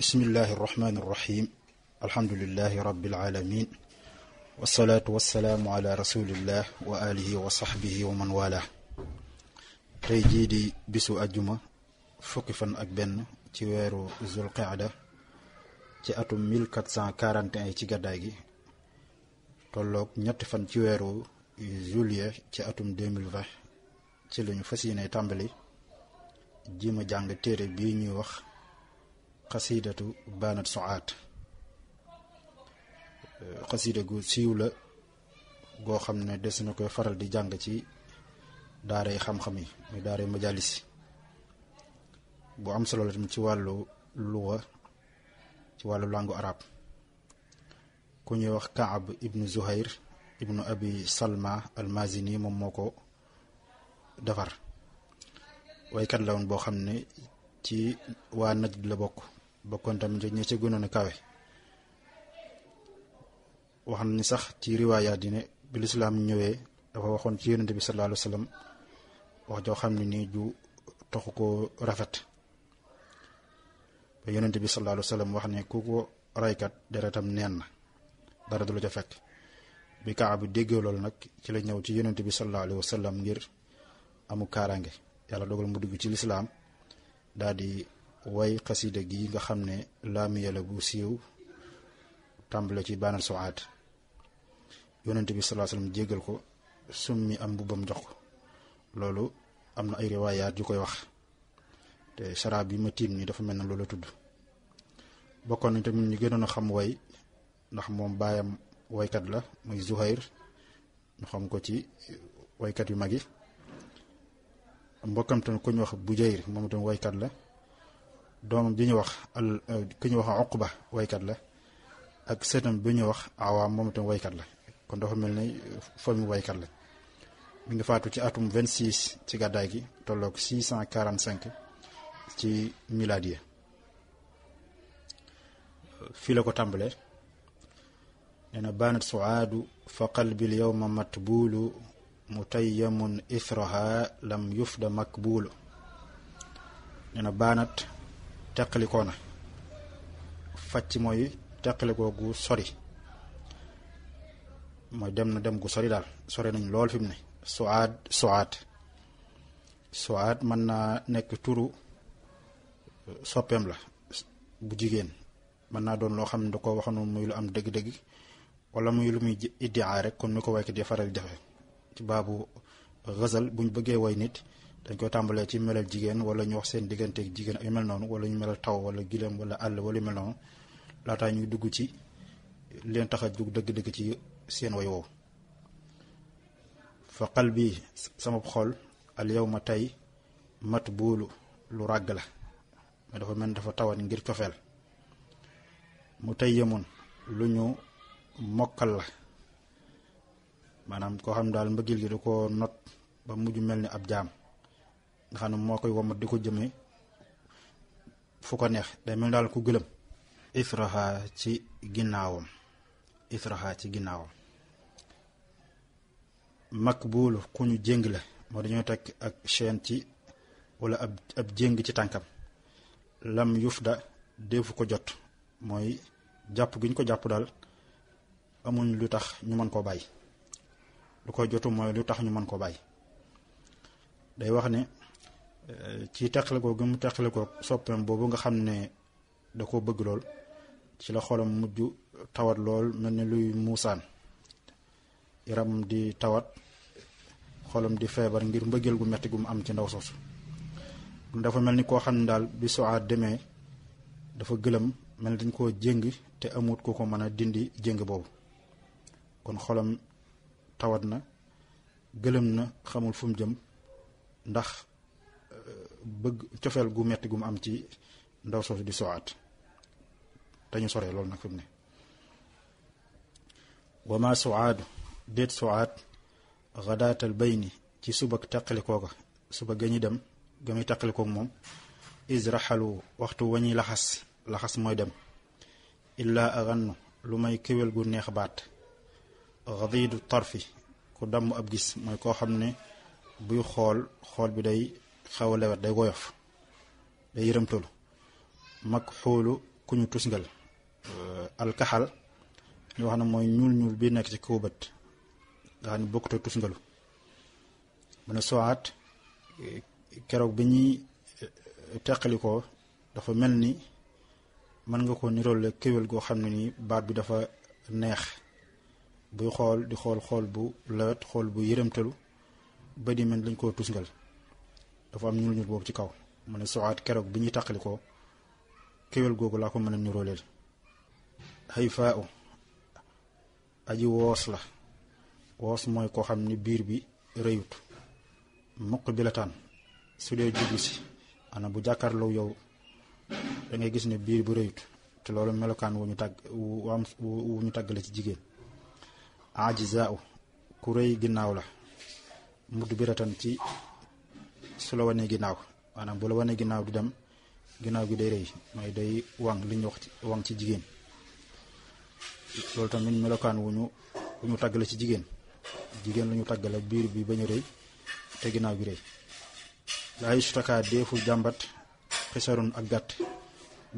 بسم الله الرحمن الرحيم الحمد لله رب العالمين والصلاة والسلام على رسول الله وآله وصحبه ومن والاه ريجيدي بسو أجمع فقفا أكبن تويرو ذو القعدة تأتو 1441 تيغدائي تولوك نتفن تويرو جوليا تأتو 2020 تلو نفسي نتنبلي جيما جانج تيري بي نيوخ xasiidatu baanat suaat xasiida euh, gu siiw la goo xam ne des na koy faral di jàng ci daaray xam-xam yi muy daaray majalis bu am solo la ci wàllu luwa ci wàllu langue arabe ku ñuy wax Kaab ibnu Zuhair ibnu Abi Salma al-Mazini moom moo ko defar waykat la woon boo xam ne ci waa Najd la bokk bokkon tam ci ñi ci gënoon a kawe wax ni sax ci riwaya yi bi l'islam ñëwé dafa waxon ci yëneñu bi sallallahu alayhi wasallam wax jo xamni ni ju taxu rafet ba yëneñu bi sallallahu alayhi wasallam wax ne raykat deretam neen na dara du lu ca fekk bi kaa bi déggee loolu ci la ñëw ci yëneñu bi sallallahu alayhi wasallam ngir amu kaaraange yalla dogal mu dugg ci l'islam dadi way xasida gi nga xam ne laami yàlla gu siiw tàmbale ci baanal soaat yonente bi salaa sallam jéggal ko summi am mbubbam jox ko loolu am na ay riwaayaat yu koy wax te saraab bi ma tiim nii dafa mel na loolu tudd bokkoon nañ tamit ñu gënoon a xam way ndax moom baayam waykat la muy Zuhair ñu xam ko ci waykat yu mag yi mbokkam tamit ku ñu wax Bujayr moom itam waykat la doomam ji ñu wax al euh, ki ñu wax Uqba waykat la ak seetam bi ñu wax awaam moom itam waykat la kon dafa mel ni euh, famille waykat la mu ngi faatu ci atum 26 ci gàddaay gi quarante 645 ci milaad yi fii la ko tàmbalee nee na baanat suaadu fa qalbil yowma matbuulu mutayyamun ithraha lam yufda makbuulu nee na baanat teqalikoo na fàcc mooy teqalikoo gu sori mooy dem na dem gu sori daal sori nañ lool fi mu ne suaad suaad suaad mën naa nekk turu euh, soppeem la bu jigéen mën naa doon loo xam ne da ko waxoon muy lu am dëgg-dëgg wala muy lu muy iddia rek kon ni ko waykat di faral di defee ci baabu xësal buñ bëggee way nit dañ ko tàmbalee ci melal jigéen wala ñu wax seen digganteeg jigéen ak yu mel noonu wala ñu melal taw wala gileem wala àll wala yu mel noonu laataa ñuy dugg ci leen tax a dugg dëgg-dëgg ci seen way woowu fa qalbi sama xol al yawma tey mat buulu lu ràgg la ma dafa mel dafa tawat ngir cofeel mu tey yemun lu ñu mokkal la maanaam koo xam daal mbëggil gi da koo not ba mujj mel ni ab jaam nga xam ne moo koy womat di ko jëme fu ko neex day mel daal ku gëlëm israha ci ginnaawam israha ci ginnaawam makbuulu ku ñu jéng la moo dañoo teg ak chaîne ci wala ab ab jéng ci tànkam lam yufda defu ko jot mooy jàpp gi ñu ko jàpp daal amuñ lu tax ñu mën koo bàyyi lu koy jotu mooy lu tax ñu mën koo bàyyi day wax ne ci taqalikoo gi mu taqalikoo soppeem boobu nga xam ne da koo bëgg lool ci la xolam mujj tawat lool mel ni luy muusaan yaram di tawat xolam di feebar ngir mbëggeel gu metti gu mu am ci ndaw soosu dafa mel ni koo xam ne daal bi soaat demee dafa gëlëm mel ni dañ koo jéng te amut ko ko mën a dindi jéng boobu kon xolam tawat na gëlëm na xamul fu mu jëm ndax bëgg cofeel gu metti gu mu am ci ndaw soosu di sowaat te ñu soree loolu nag fi mu ne wa ma sowaadu déet sowaat xadaatal bayni ci subak taqalikooga suba gañi dem ga muy taqalikoog moom israxalu waxtu wa ñuy laxas laxas mooy dem illaa agannu lu may kéwél gu neex baat xadiidu tarfi ku damm ab gis mooy koo xam ne buy xool xool bi day xaw a lewet day woyof day yëramtalu mag xoolu ku ñu tusngal euh, alkaxal ñu wax na mooy ñuul ñuul bi nekk ci kaw bët nga xam ne bokkut ak tusngalu mu ne sowaat keroog bi ñuy euh, teqalikoo dafa mel ni mën nga ko niroole kéwél goo xam ne nii baat bi dafa neex buy xool di xool xool bu lawet xool bu yërëmtalu ba di mel dañ koo tusngal dafa am ñuul ñuul boobu ci kaw mu ne soxaat keroog bi ñuy taqali kéwél googu laa ko mën a nirooleel xëy faa u aji woos la woos mooy koo xam ni biir bi rëyut muq bi la taan su dee jublu si ana bu jàkkaarloo yow dangay gis ne biir bu rëyut te loolu melokaan wu ñu tàgg wu ñu tàggale ci jigéen aji zaa u ku rëy ginnaaw la mudd bi la taan ci su la wanee ginnaaw maanaam bu la wanee ginnaaw du dem ginnaaw gi day rey mooy day wang li ñu wax ci wang ci jigéen loolu tamit melokaan wu ñu tàggale ci jigéen jigéen lu ñu tàggale biir bi bañ a rëy te ginnaaw gi rëy laayu sutaka deefu jàmbat xisarun ak gàtt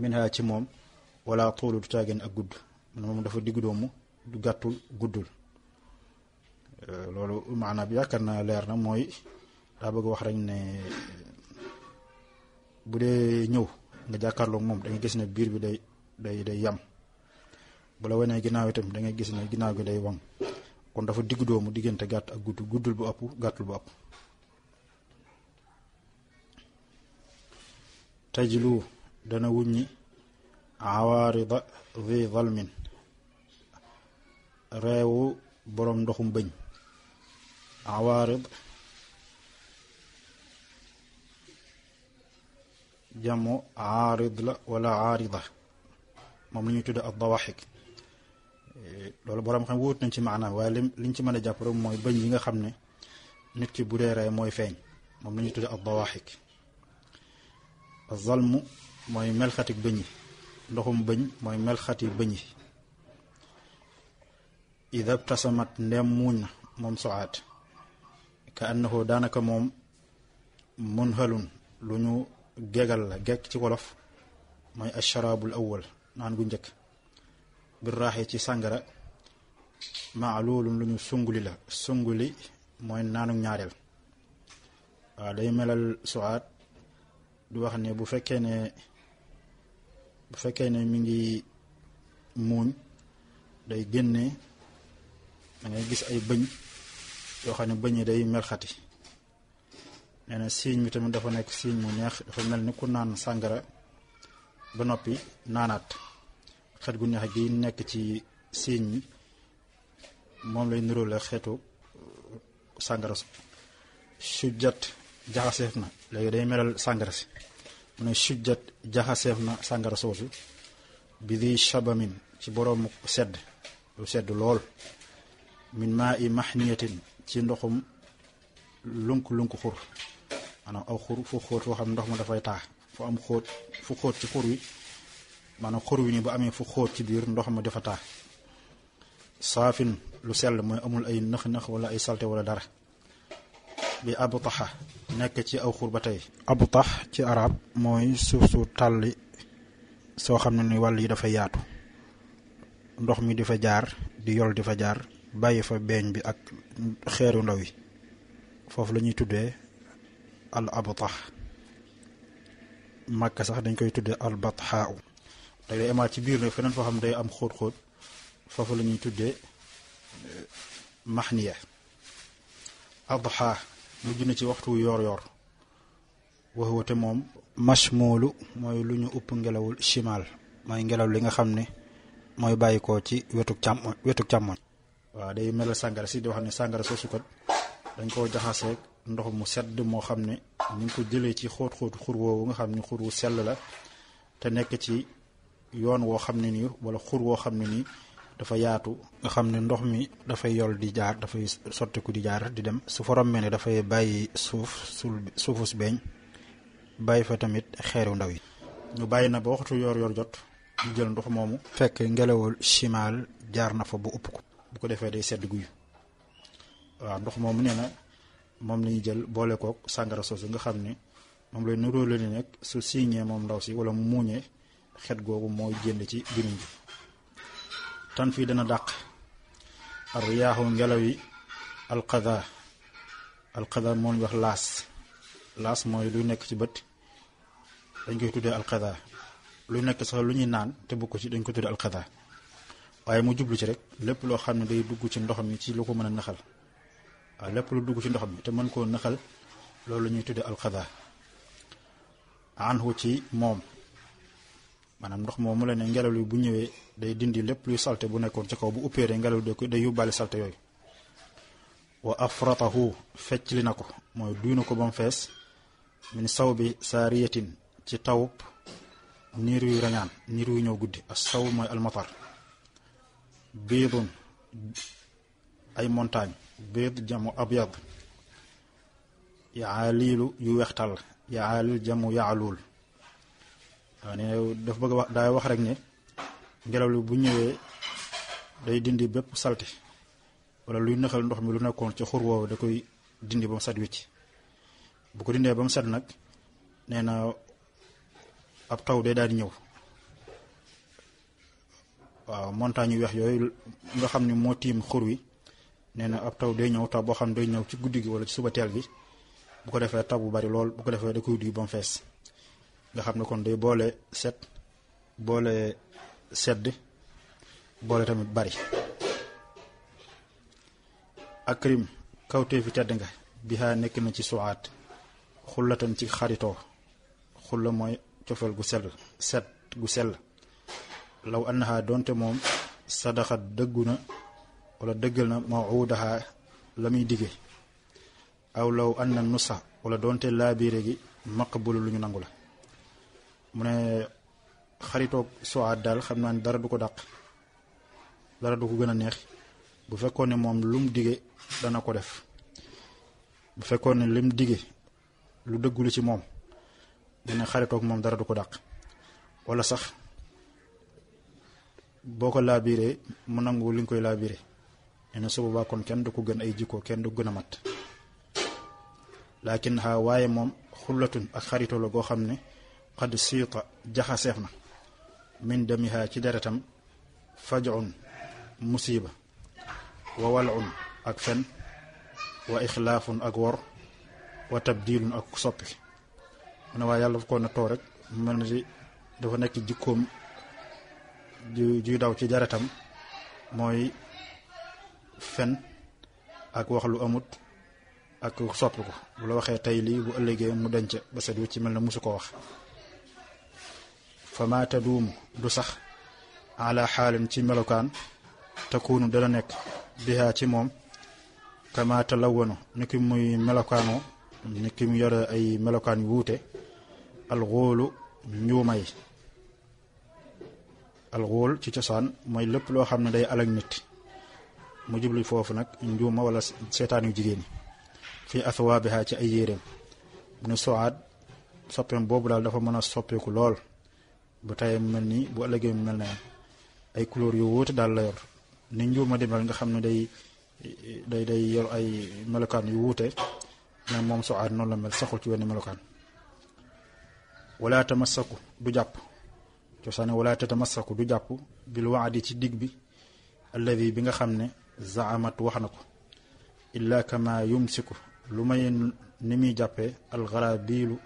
minha ci moom wala tuulu du tàggin ak gudd moom dafa diggu doomu du gàttul guddul euh, loolu maanaam yaakaar naa leer na mooy rabago wax rañ ne bu dee ñëw nga jàkkaarlo moom da ngay gis ne biir bi day day day yam bu la wenee ginnaaw itam da ngay gis ne ginnaaw gi day wam kon dafa digg doomu diggante gàtt ak gudd guddul bu ëpp gàttul bu ëpp tajlu dana wuññi awaarida vi valmin reewu borom ndoxum bëñ awaarid jàmmu aarid la wala aarida moom lu ñuy tudde ak dawaxik loolu boroom xam wóot nañ ci maanaam waaye liñ ci mën a jàpp rek mooy bëñ yi nga xam ne nit ki bu dee rey mooy feeñ moom la ñuy tudde ak dawaxik zalmu mooy melxati bëñ yi ndoxum bëñ mooy melxati bëñ yi idab tasamat ndem muuñ na moom soaat ka annahu daanaka moom munhalun lu ñu geegal la geeg ci wolof mooy asharaabul awwal naan gu njëkk bir raaxee ci sàngara maa loolu lu ñu sunguli la sunguli mooy naanu ñaareel waaw day melal suwaat du wax ne bu fekkee ne bu fekkee ne mi ngi muuñ day génne da gis ay bëñ yoo xam ne bëñ day melxati nee na siiñ bi tamit dafa nekk siiñ mu neex dafa mel ni ku naan sàngara ba noppi naanaat xet gu neex gi nekk ci siiñ mi moom lay niróole xeetu uh, sàngara sujjat jaxaseef na léegi day melal sàngara si mu ne sujjat jaxaseef na sàngara soosu bi di shabamin ci boroomu sedd lu sedd lool min maa i maxniyatin ci ndoxum lunk lunk xur maanaam aw xur fu xam ndox ma dafay taa fu am xóot fu ci xur wi maanaam xur wi ni bu amee fu ci biir ndox dafa taa saafin lu sell mooy amul ay nëx-nëx wala ay salte wala dara bi abu nekk ci aw xur ba tey abu tax ci arab mooy suuf su tàlli soo xam ne ni wàll yi dafa yaatu ndox mi di fa jaar di yol di fa jaar bàyyi fa beeñ bi ak xeeru ndaw yi foofu lañuy tuddee al abtax màkka sax dañ koy tudde al batxaaw dag day amaat ci biir nag feneen foo xam day am xóot-xóot foofu la ñuy tuddee maxniya adxa mu junne ci waxtu yoor yoor waxwate moom mashmoolu mooy lu ñu upp ngelawul chimal mooy ngelaw li nga xam ne mooy bàyyi ci wetuk càmm wetuk càmmoñ waaw day melal sàngara si di wax ne sàngara soosu kat dañ koo jaxaseeg ndox mu sedd moo xam ne ñu ngi ko jëlee ci xóot xóotu xur woowu nga xam ni xur wu sell la te nekk ci yoon woo xam ne nii wala xur woo xam ne nii dafa yaatu nga xam ne ndox mi dafay yol di jaar dafay sottiku di jaar di dem su forom mel ne dafay bàyyi suuf suufus beeñ bàyyi fa tamit xeeru ndaw yi ñu bàyyi na ba waxtu yor yor jot ñu jël ndox moomu fekk ngelawul chimal jaar na fa bu ëpp ko bu ko defee day sedd guy waaw ndox moomu nee na mom lañu jël boole ko sangara soso nga xam ne moom lay nuroo la ni nag su siiñee moom ndaw si wala mu muuñee xet googu mooy génn ci gémmiñ gi tan fii dana dàq ar ngelaw yi alqada alqada moom wax laas laas mooy lu nekk ci bët dañ koy tuddee alqada lu nekk sax lu ñuy naan te bu ko ci dañ ko tuddee alqada waaye mu jublu ci rek lépp loo xam ne day dugg ci ndox mi ci lu ko mën naxal waaw lépp lu dugg ci ndox mi te mën koo naxal loolu la ñuy tudde alxada anhu ci moom maanaam ndox moomu la ne ngelaw li bu ñëwee day dindi lépp luy salte bu nekkoon ci kaw bu uppéere ngelaw li day yóbbaale salte yooyu wa afratahu fecc li na ko mooy duy na ko ba mu fees min saw bi saariyatin ci tawub niir yu rañaan niir yu ñëw guddi as saw mooy almatar biidun ay montagne biid jamu abyad yaaliilu yu wextal yaalil jamu yaaluul waaw nee na bëgg wax daay wax rek ne ngelaw li bu ñëwee day dindi bépp salte wala luy nëxal ndox mi lu nekkoon ci xur woowu da koy dindi ba mu set wicc bu ko dindee ba mu set nag nee na ab taw day daal di ñëw waaw montagne yu weex yooyu nga xam ne moo tiim xur wi nee na ab taw ñëw taw boo xam ne day ñëw ci guddi gi wala ci suba teel bi bu ko defee taw bu bari lool bu ko defee da koy duy ba mu fees nga xam ne kon day boole set boole sedd boole tamit bari ak akrim kawtee fi tedd nga bihaa nekk na ci suwaat xullatan ci xaritoo xulla mooy cofeel gu sell set gu sell law annaha donte moom sadaxat dëggu na wala dëggal na mawuudaha la muy digge aw law an na nusa wala doonte laabiire gi maqbulu lu ñu nangu la mu ne xaritoog suwaat daal xam naa ne dara du ko dàq dara du ko gën a neex bu fekkoon ne moom lu mu dige dana ko def bu fekkoon ne lim dige lu dëggul ci moom dina xaritoog moom dara du ko dàq walla sax boo ko laabiiree mu nangu li nga koy laabiire nee na kon kenn du ko gën ay jikko kenn du gën a mat laakin ha waaye moom xullatun ak xarito la goo xam ne xad siita jaxaseef na min damiha ci deretam fajun musiba wa walun ak fen wa ixlaafun ak wor wa tabdiilun ak soppi mu ne waa yàlla daf ko na too rek mel na di dafa nekk jikkoom juy daw ci deretam mooy fen ak wax lu amut ak sopp ko bu la waxee tey lii bu ëllëgee mu denc ba set ci mel na mosu ko wax famaata ma du sax ala ci melokaan takunu dala nekk bihaa ci moom kama talawanu ni ki muy melokaanoo ni ki mu yore ay melokaan yu wuute alxóolu njuumay alxóol ci cosaan mooy lépp loo xam ne day alag nit mu jublu foofu nag njuuma wala seetaan yu jigéen ñi fii athwaabiha ci ay yéreem ibnu soaad soppeem boobu daal dafa mën a soppeeku lool bu tayee mu mel nii bu ëllëgee mel na ay couleur yu wuute daal la yor ni njuuma di mel nga xam ne day day day yor ay melokaan yu wuute mais moom soaad noonu la mel saxul ci wenn melokaan wala tamassaku du jàpp cosaan cosaane wala tatamassaku du jàpp bil waadi ci digg bi alladi bi nga xam ne zaamat wax na ko illa kama yumsiku lu may ni muy jàppee alxarabiilu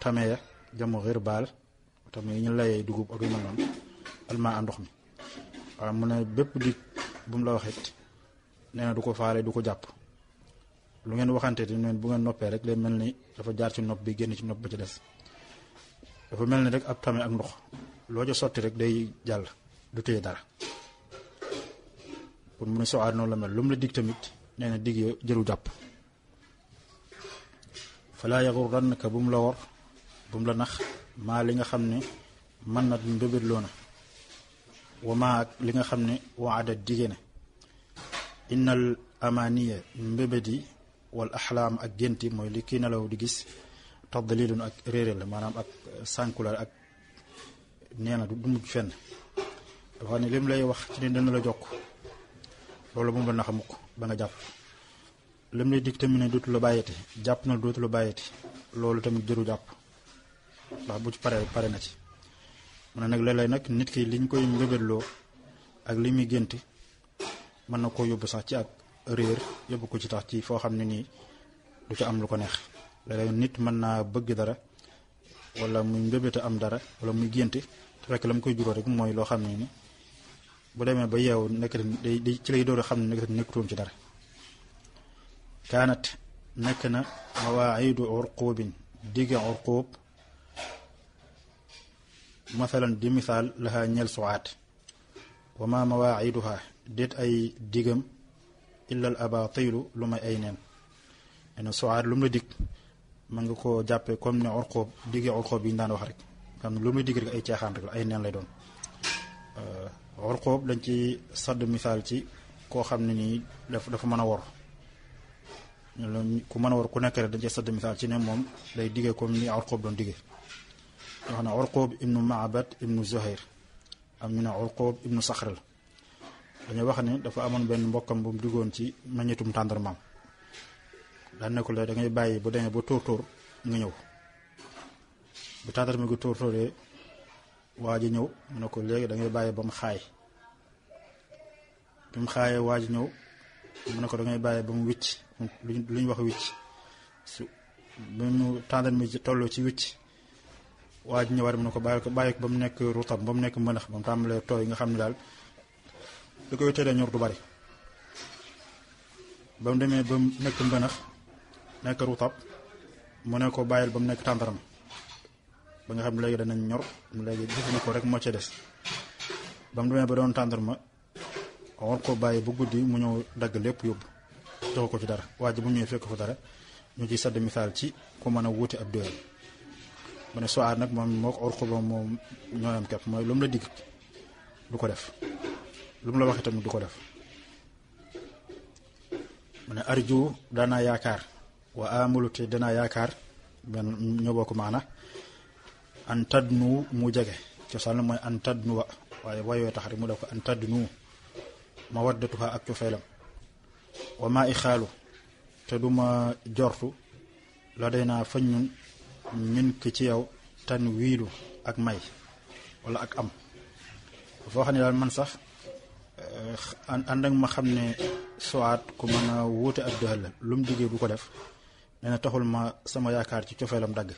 tamee jamu xirbaal tamit yi ñu layee dugub ak yu mel noonu almaa a ndox mi waaw mu ne bépp dig bu la waxit nee du ko faale du ko jàpp lu ngeen waxante di neen bu ngeen noppee rek lay mel ni dafa jaar ci nopp bi génn ci nopp ba ci des dafa mel ni rek ab tame ak ndox loo ca sotti rek day jàll du téye dara pour mëna ne sa la mel lum la dig tamit nee dig yo jëru jàpp fala yaxurrannaka bum la wor bum la nax ma li nga xamne man mën na mbébét loo na wa maa li nga xamne ne waada dige innal amaniya mbebedi wal ahlam ak genti moy mooy li kii law di gis tadlilun ak rerel manam ak sankular ak nee du mujj fenn wax ni lim lay wax ci ne dana la jokk loolu moom la naxa mukk ba nga jàpp lam lay dig tamit na dootu la bàyyeti jàpp na dootu la bàyyeti loolu tamit jëru jàpp ndax bu ci pare pare na ci mu ne nag léeg-léeg nag nit ki liñ koy mbébétloo ak li muy gént mën na koo yóbbu sax ci ak réer yóbbu ko ci tax ci foo xam ne nii du ci am lu ko neex léeg nit mën naa bëgg dara walla muy mbébéta am dara wala muy gént te fekk la mu koy juróo rek mooy loo xam ne ni bu demee ba yeewu nekkati day ci lay door a xam ne nekkati nekkutoon ci dara kaanat nekk na mawaayidu urquubin digge urquub masalan di misaal laxaa ñel suwaat wa ma mawaayiduha déet ay digam illal abaatilu lu may ay neen nen suwaat lu mu la dig mën nga koo jàppee comme ne urquub digge urquub yi ñu daan wax rek xam ne lu mu la dig rek ay caaxaan rek la ay neen lay doon warqoob dañ ci sadd misaal ci koo xam ne nii daf dafa mën a wor ku mën a wor ku nekk rek dañ ci sadd misaal ci ne moom day digee comme ni warqoob doon digee wax na warqoob ibnu maabat ibnu zuhair am ñu ne warqoob ibnu saxral dañu wax ne dafa amoon benn mbokkam bu mu digoon ci meññetum tàndarmaam daan ne ko la da ngay bàyyi bu demee ba tóor tóor nga ñëw bu tàndarma gi tóor tóoree waa ji ñëw mu ne ko léegi dangay ngay bàyyi ba mu xaay bi mu xaayee waa ji ñëw mu ne ko da ngay bàyyi ba mu wicc lu ñu wax wicc su bi mu tàndal ci tolloo ci wicc waa ji ñëwaat mu ne ko bàyyi ko bàyyi ko ba mu nekk ruutam ba mu nekk mënax ba mu tàmbalee tooy nga xam ne daal li koy ñor du bari demee ba mu nekk mbënax ruutab mu ne ko bàyyil ba mu nekk tàndaram ba nga xam léegi danañ ñor léegi ko rek moo ca des bam mu demee ba doon ma war ko bàyyi bu guddi mu ñëw dagg lépp yóbbu joxu ko ci dara waa ji bu ñëwee fekk ko dara ñu ci sadd misaal ci ku mën a wuute ab doyal mu ne soaar nag moom moo ko orxu ba moom kepp mooy lu mu la digg du ko def lu mu la wax itam du ko def mu ne arju danaa yaakaar wa amulu te danaa yaakaar benn ñoo bokk an tadnu mu jege cosaanam mooy an tadnuwa waaye waywee tax rek mu def ko an tadnu mawaddatuha ak cofeelam wa maa i xaalu te duma jortu la day naa fañ ñun ñun ki ci yow tan wiilu ak may wala ak am foo xam ne daal man sax eh, ànd ak ma xam ne soit ku mën a wuute ak doxal la lu mu digee du ko def nee na taxul ma sama yaakaar ci cofeelam dagg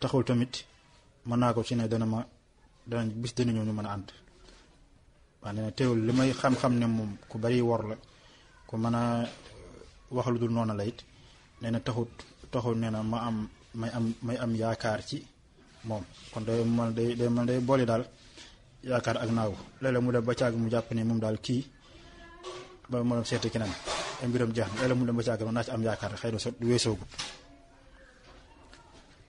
taxul tamit mën naa ko ci ne dana ma dana bis dina ñëw ñu mën a ànd waaye nee teewul li may xam-xam ne moom ku bari wor la ku mën a wax lu dul noonu la it nee na taxut taxul nee na ma am may am may am yaakaar ci moom kon day man day day man day boole daal yaakaar ak naaw léeg-léeg mu dem ba caag mu jàpp ne moom daal kii ba ma doon naan keneen mbiram jeex na léeg mu dem ba caag naa ci am yaakaar xëy na so weesoogut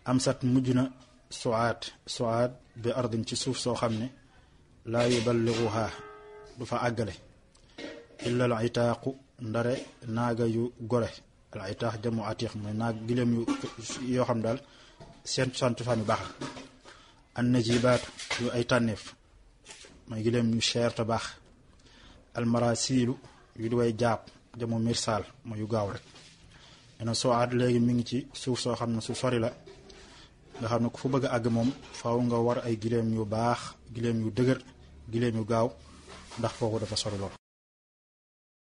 amsat mujj na suaat suaat bi ardin ci suuf soo xam ne laa yuballighuha du fa àggale illa al taaxu ndare naaga yu gore al itaax jamu atiix mooy naag gileem yu yoo xam daal seen sant fan baax la an najibaatu yu ay tànneef mooy gileem yu baax al marasilu yu di way jàpp jamu mirsaal mooy yu gaaw rek dina suaat léegi mi ngi ci suuf soo xam ne su sori nga xam ne ku fa bëgg àgg moom faaw nga war ay gileem yu baax gileem yu dëgër gileem yu gaaw ndax foofu dafa sori lool.